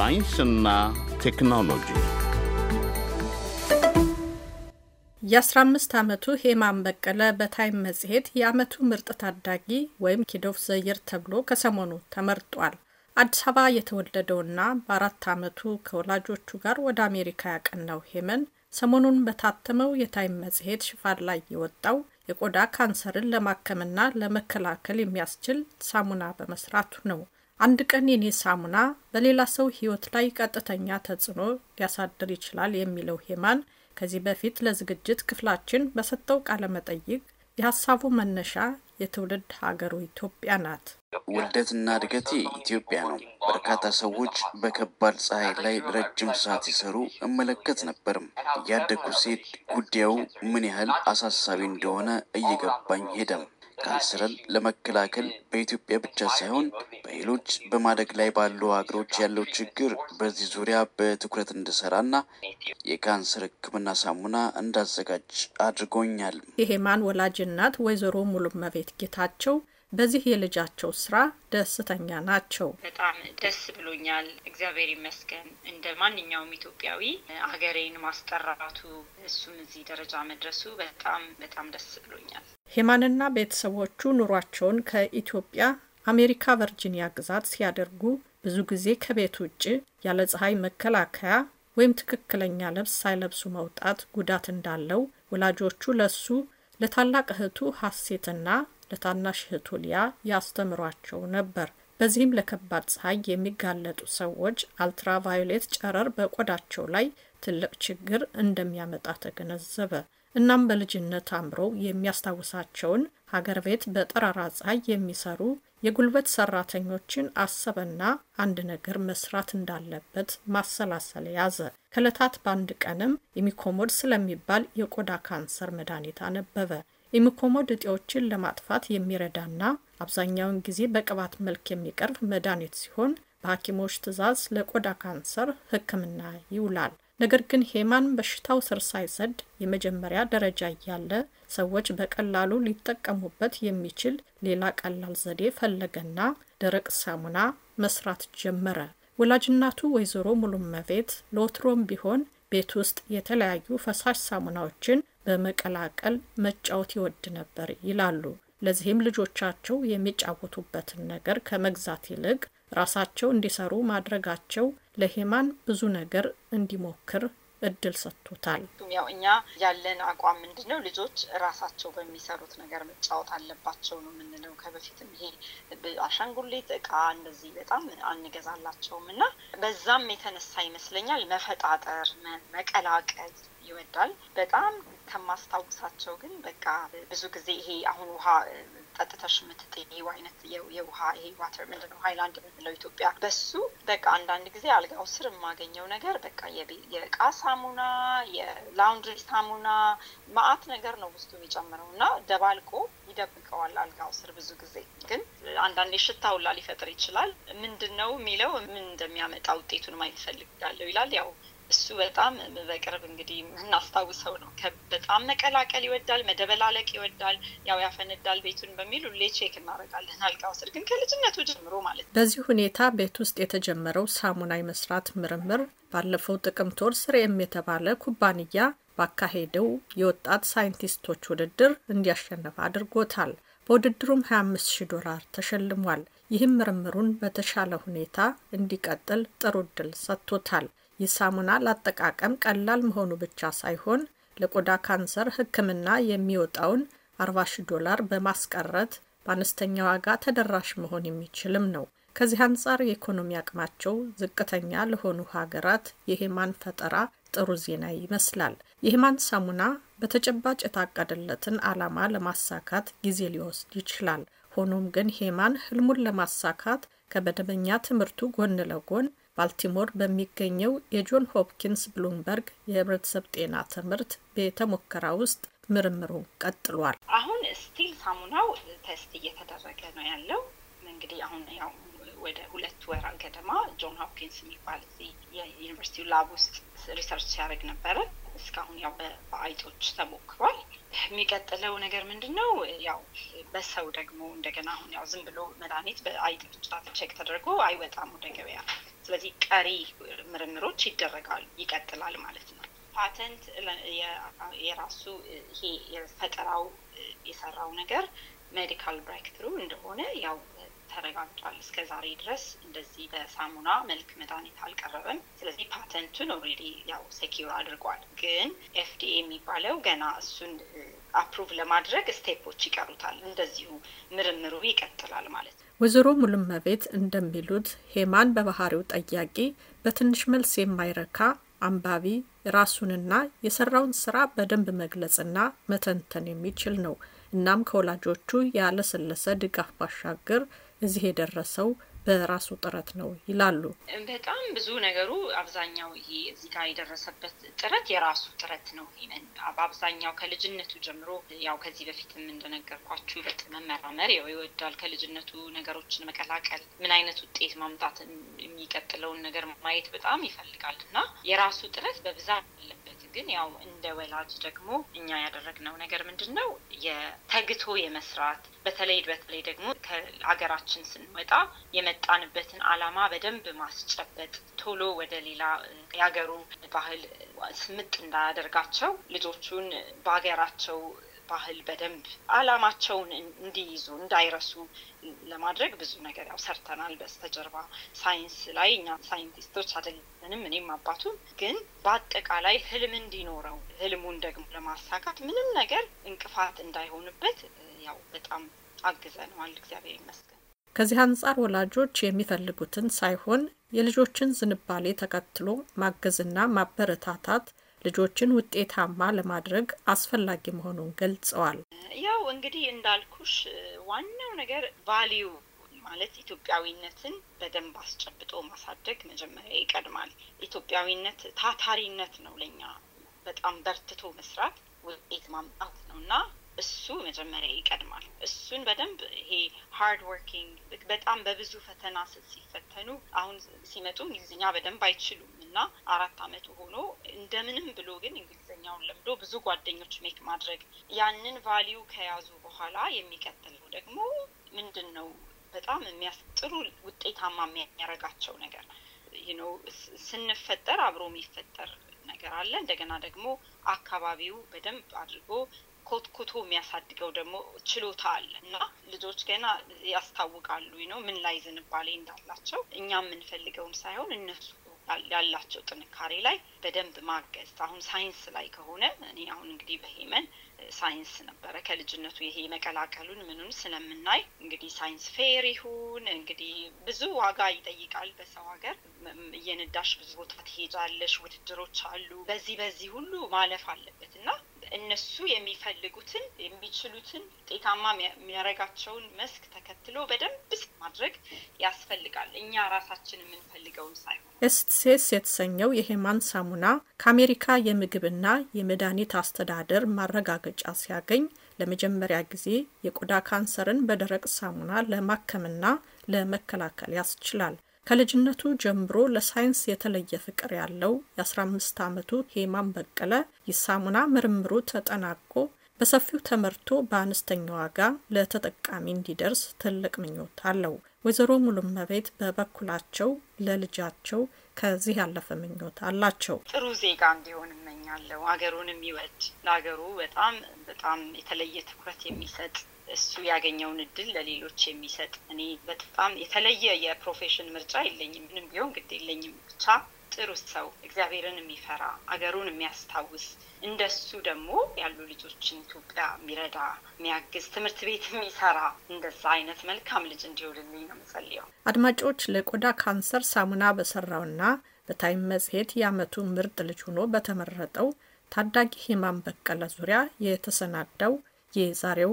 ሳይንስና ቴክኖሎጂ የ15 ዓመቱ ሄማን በቀለ በታይም መጽሔት የዓመቱ ምርጥ ታዳጊ ወይም ኪዶፍ ኦፍ ተብሎ ከሰሞኑ ተመርጧል። አዲስ አበባ የተወለደውና በአራት ዓመቱ ከወላጆቹ ጋር ወደ አሜሪካ ያቀናው ሄመን ሰሞኑን በታተመው የታይም መጽሔት ሽፋን ላይ የወጣው የቆዳ ካንሰርን ለማከምና ለመከላከል የሚያስችል ሳሙና በመስራቱ ነው። አንድ ቀን የኔ ሳሙና በሌላ ሰው ህይወት ላይ ቀጥተኛ ተጽዕኖ ሊያሳድር ይችላል የሚለው ሄማን ከዚህ በፊት ለዝግጅት ክፍላችን በሰጠው ቃለ መጠይቅ የሀሳቡ መነሻ የትውልድ ሀገሩ ኢትዮጵያ ናት። ውልደትና እድገቴ ኢትዮጵያ ነው። በርካታ ሰዎች በከባድ ፀሐይ ላይ ረጅም ሰዓት ሲሰሩ እመለከት ነበርም። እያደግኩ ሴት ጉዳዩ ምን ያህል አሳሳቢ እንደሆነ እየገባኝ ሄደም። ካንሰርን ለመከላከል በኢትዮጵያ ብቻ ሳይሆን በሌሎች በማደግ ላይ ባሉ ሀገሮች ያለው ችግር በዚህ ዙሪያ በትኩረት እንድሰራና የካንሰር ሕክምና ሳሙና እንዳዘጋጅ አድርጎኛል። የሄማን ወላጅ እናት ወይዘሮ ሙሉመቤት ጌታቸው በዚህ የልጃቸው ስራ ደስተኛ ናቸው። በጣም ደስ ብሎኛል። እግዚአብሔር ይመስገን። እንደ ማንኛውም ኢትዮጵያዊ ሀገሬን ማስጠራቱ እሱም እዚህ ደረጃ መድረሱ በጣም በጣም ደስ ብሎኛል። ሄማንና ቤተሰቦቹ ኑሯቸውን ከኢትዮጵያ አሜሪካ ቨርጂኒያ ግዛት ሲያደርጉ ብዙ ጊዜ ከቤት ውጭ ያለ ፀሐይ መከላከያ ወይም ትክክለኛ ልብስ ሳይለብሱ መውጣት ጉዳት እንዳለው ወላጆቹ ለሱ ለታላቅ እህቱ ሀሴትና ለታናሽ እህቱ ሊያ ያስተምሯቸው ነበር። በዚህም ለከባድ ፀሐይ የሚጋለጡ ሰዎች አልትራቫዮሌት ጨረር በቆዳቸው ላይ ትልቅ ችግር እንደሚያመጣ ተገነዘበ። እናም በልጅነት አምሮ የሚያስታውሳቸውን ሀገር ቤት በጠራራ ፀሐይ የሚሰሩ የጉልበት ሰራተኞችን አሰበና አንድ ነገር መስራት እንዳለበት ማሰላሰል ያዘ። ከእለታት በአንድ ቀንም ኢሚኮሞድ ስለሚባል የቆዳ ካንሰር መድኃኒት አነበበ። ኢሚኮሞድ እጢዎችን ለማጥፋት የሚረዳና አብዛኛውን ጊዜ በቅባት መልክ የሚቀርብ መድኃኒት ሲሆን በሐኪሞች ትዕዛዝ ለቆዳ ካንሰር ሕክምና ይውላል። ነገር ግን ሄማን በሽታው ስር ሳይሰድ የመጀመሪያ ደረጃ እያለ ሰዎች በቀላሉ ሊጠቀሙበት የሚችል ሌላ ቀላል ዘዴ ፈለገና ደረቅ ሳሙና መስራት ጀመረ። ወላጅናቱ ወይዘሮ ሙሉመቤት ለወትሮም ቢሆን ቤት ውስጥ የተለያዩ ፈሳሽ ሳሙናዎችን በመቀላቀል መጫወት ይወድ ነበር ይላሉ። ለዚህም ልጆቻቸው የሚጫወቱበትን ነገር ከመግዛት ይልቅ ራሳቸው እንዲሰሩ ማድረጋቸው ለሄማን ብዙ ነገር እንዲሞክር እድል ሰጥቶታል። ያው እኛ ያለን አቋም ምንድን ነው? ልጆች ራሳቸው በሚሰሩት ነገር መጫወት አለባቸው ነው የምንለው። ከበፊትም ይሄ አሻንጉሊት እቃ እንደዚህ በጣም አንገዛላቸውም እና በዛም የተነሳ ይመስለኛል መፈጣጠር፣ መቀላቀል ይወዳል። በጣም ከማስታውሳቸው ግን በቃ ብዙ ጊዜ ይሄ አሁን ውሃ ጠጥተሽ የምትጠይው አይነት የውሃ ይሄ ዋተር ምንድን ነው ሀይላንድ የምንለው ኢትዮጵያ በሱ በቃ አንዳንድ ጊዜ አልጋው ስር የማገኘው ነገር በቃ የእቃ ሳሙና፣ የላውንድሪ ሳሙና ማአት ነገር ነው ውስጡ የሚጨምረው እና ደባልቆ ይደብቀዋል አልጋው ስር ብዙ ጊዜ ግን አንዳንድ ሽታ ሁላ ሊፈጥር ይችላል። ምንድን ነው የሚለው ምን እንደሚያመጣ ውጤቱን ማየት እፈልጋለሁ ይላል ያው እሱ በጣም በቅርብ እንግዲህ እናስታውሰው ነው። በጣም መቀላቀል ይወዳል፣ መደበላለቅ ይወዳል፣ ያው ያፈነዳል ቤቱን በሚል ሁሌ ቼክ እናደርጋለን። አልጋ ውስጥ ግን ከልጅነቱ ጀምሮ ማለት ነው። በዚህ ሁኔታ ቤት ውስጥ የተጀመረው ሳሙና የመስራት ምርምር ባለፈው ጥቅምት ወር ስሬም የተባለ ኩባንያ ባካሄደው የወጣት ሳይንቲስቶች ውድድር እንዲያሸንፍ አድርጎታል። በውድድሩም 25 ሺ ዶላር ተሸልሟል። ይህም ምርምሩን በተሻለ ሁኔታ እንዲቀጥል ጥሩ እድል ሰጥቶታል። የሳሙና ላጠቃቀም ቀላል መሆኑ ብቻ ሳይሆን ለቆዳ ካንሰር ሕክምና የሚወጣውን 40 ሺ ዶላር በማስቀረት በአነስተኛ ዋጋ ተደራሽ መሆን የሚችልም ነው። ከዚህ አንጻር የኢኮኖሚ አቅማቸው ዝቅተኛ ለሆኑ ሀገራት የሄማን ፈጠራ ጥሩ ዜና ይመስላል። የሄማን ሳሙና በተጨባጭ የታቀደለትን ዓላማ ለማሳካት ጊዜ ሊወስድ ይችላል። ሆኖም ግን ሄማን ህልሙን ለማሳካት ከመደበኛ ትምህርቱ ጎን ለጎን ባልቲሞር በሚገኘው የጆን ሆፕኪንስ ብሉምበርግ የህብረተሰብ ጤና ትምህርት ቤተ ሙከራ ውስጥ ምርምሩ ቀጥሏል። አሁን ስቲል ሳሙናው ቴስት እየተደረገ ነው ያለው። እንግዲህ አሁን ያው ወደ ሁለት ወር ገደማ ጆን ሆፕኪንስ የሚባል የዩኒቨርሲቲው ላብ ውስጥ ሪሰርች ሲያደርግ ነበረ። እስካሁን ያው በአይጦች ተሞክሯል። የሚቀጥለው ነገር ምንድን ነው? ያው በሰው ደግሞ እንደገና አሁን ያው ዝም ብሎ መድኃኒት በአይጥ ብቻ ቼክ ተደርጎ አይወጣም ወደ ገበያ ስለዚህ ቀሪ ምርምሮች ይደረጋሉ፣ ይቀጥላል ማለት ነው። ፓተንት የራሱ ይሄ የፈጠራው የሰራው ነገር ሜዲካል ብሬክ ትሩ እንደሆነ ያው ተረጋግጧል። እስከ ዛሬ ድረስ እንደዚህ በሳሙና መልክ መድኃኒት አልቀረበም። ስለዚህ ፓተንቱን ኦሬዲ ያው ሴኪር አድርጓል። ግን ኤፍዲኤ የሚባለው ገና እሱን አፕሩቭ ለማድረግ ስቴፖች ይቀሩታል። እንደዚሁ ምርምሩ ይቀጥላል ማለት ነው። ወይዘሮ ሙሉመቤት እንደሚሉት ሄማን በባህሪው ጠያቂ፣ በትንሽ መልስ የማይረካ አንባቢ፣ ራሱንና የሰራውን ስራ በደንብ መግለጽና መተንተን የሚችል ነው። እናም ከወላጆቹ ያለሰለሰ ድጋፍ ባሻገር እዚህ የደረሰው በራሱ ጥረት ነው ይላሉ። በጣም ብዙ ነገሩ አብዛኛው ይሄ እዚህ ጋር የደረሰበት ጥረት የራሱ ጥረት ነው። በአብዛኛው ከልጅነቱ ጀምሮ ያው ከዚህ በፊትም እንደነገርኳችሁ መመራመር ያው ይወዳል። ከልጅነቱ ነገሮችን መቀላቀል፣ ምን አይነት ውጤት ማምጣት የሚቀጥለውን ነገር ማየት በጣም ይፈልጋል እና የራሱ ጥረት በብዛት ግን ያው እንደ ወላጅ ደግሞ እኛ ያደረግነው ነገር ምንድን ነው የተግቶ የመስራት በተለይ በተለይ ደግሞ ከሀገራችን ስንወጣ የመጣንበትን አላማ በደንብ ማስጨበጥ ቶሎ ወደ ሌላ የሀገሩ ባህል ስምጥ እንዳያደርጋቸው ልጆቹን በሀገራቸው ባህል በደንብ አላማቸውን እንዲይዙ እንዳይረሱ ለማድረግ ብዙ ነገር ያው ሰርተናል። በስተጀርባ ሳይንስ ላይ እኛ ሳይንቲስቶች አደለንም እኔም አባቱም ግን በአጠቃላይ ህልም እንዲኖረው ህልሙን ደግሞ ለማሳካት ምንም ነገር እንቅፋት እንዳይሆንበት ያው በጣም አግዘነዋል። እግዚአብሔር ይመስገን። ከዚህ አንጻር ወላጆች የሚፈልጉትን ሳይሆን የልጆችን ዝንባሌ ተከትሎ ማገዝና ማበረታታት ልጆችን ውጤታማ ለማድረግ አስፈላጊ መሆኑን ገልጸዋል። ያው እንግዲህ እንዳልኩሽ ዋናው ነገር ቫሊዩ ማለት ኢትዮጵያዊነትን በደንብ አስጨብጦ ማሳደግ መጀመሪያ ይቀድማል። ኢትዮጵያዊነት ታታሪነት ነው። ለኛ በጣም በርትቶ መስራት ውጤት ማምጣት ነው እና እሱ መጀመሪያ ይቀድማል። እሱን በደንብ ይሄ ሃርድ ወርኪንግ በጣም በብዙ ፈተና ሲፈተኑ አሁን ሲመጡ እንግሊዝኛ በደንብ አይችሉም እና አራት አመቱ ሆኖ እንደምንም ብሎ ግን እንግሊዝኛውን ለምዶ ብዙ ጓደኞች ሜክ ማድረግ ያንን ቫሊዩ ከያዙ በኋላ የሚቀጥለው ደግሞ ምንድን ነው በጣም የሚያስጥሩ ውጤታማ የሚያረጋቸው ነገር ነው። ስንፈጠር አብሮ የሚፈጠር ነገር አለ። እንደገና ደግሞ አካባቢው በደንብ አድርጎ ኮትኩቶ የሚያሳድገው ደግሞ ችሎታ አለ እና ልጆች ገና ያስታውቃሉ ነው ምን ላይ ዝንባሌ እንዳላቸው እኛ የምንፈልገውን ሳይሆን እነሱ ያላቸው ጥንካሬ ላይ በደንብ ማገዝ። አሁን ሳይንስ ላይ ከሆነ እኔ አሁን እንግዲህ በሄመን ሳይንስ ነበረ ከልጅነቱ ይሄ መቀላቀሉን ምኑን ስለምናይ እንግዲህ ሳይንስ ፌር ይሁን እንግዲህ ብዙ ዋጋ ይጠይቃል። በሰው ሀገር እየነዳሽ ብዙ ቦታ ትሄጃለሽ፣ ውድድሮች አሉ። በዚህ በዚህ ሁሉ ማለፍ አለበት እና እነሱ የሚፈልጉትን የሚችሉትን ውጤታማ የሚያረጋቸውን መስክ ተከትሎ በደንብ ማድረግ ያስፈልጋል። እኛ ራሳችን የምንፈልገውን ሳይሆን። ኤስትሴስ የተሰኘው የሄማን ሳሙና ከአሜሪካ የምግብና የመድኃኒት አስተዳደር ማረጋገጫ ሲያገኝ ለመጀመሪያ ጊዜ የቆዳ ካንሰርን በደረቅ ሳሙና ለማከምና ለመከላከል ያስችላል። ከልጅነቱ ጀምሮ ለሳይንስ የተለየ ፍቅር ያለው የ15 ዓመቱ ሄማን በቀለ የሳሙና ምርምሩ ተጠናቆ በሰፊው ተመርቶ በአነስተኛ ዋጋ ለተጠቃሚ እንዲደርስ ትልቅ ምኞት አለው። ወይዘሮ ሙሉመቤት በበኩላቸው ለልጃቸው ከዚህ ያለፈ ምኞት አላቸው። ጥሩ ዜጋ እንዲሆን እመኛለሁ። ሀገሩን የሚወድ ለሀገሩ በጣም በጣም የተለየ ትኩረት የሚሰጥ እሱ ያገኘውን እድል ለሌሎች የሚሰጥ እኔ በጣም የተለየ የፕሮፌሽን ምርጫ የለኝም። ምንም ቢሆን ግድ የለኝም ብቻ ጥሩ ሰው እግዚአብሔርን የሚፈራ አገሩን የሚያስታውስ እንደሱ ደግሞ ያሉ ልጆችን ኢትዮጵያ የሚረዳ የሚያግዝ ትምህርት ቤት የሚሰራ እንደዛ አይነት መልካም ልጅ እንዲሆንልኝ ነው የምጸልየው። አድማጮች ለቆዳ ካንሰር ሳሙና በሰራውና በታይም መጽሔት የአመቱ ምርጥ ልጅ ሆኖ በተመረጠው ታዳጊ ሂማን በቀለ ዙሪያ የተሰናዳው የዛሬው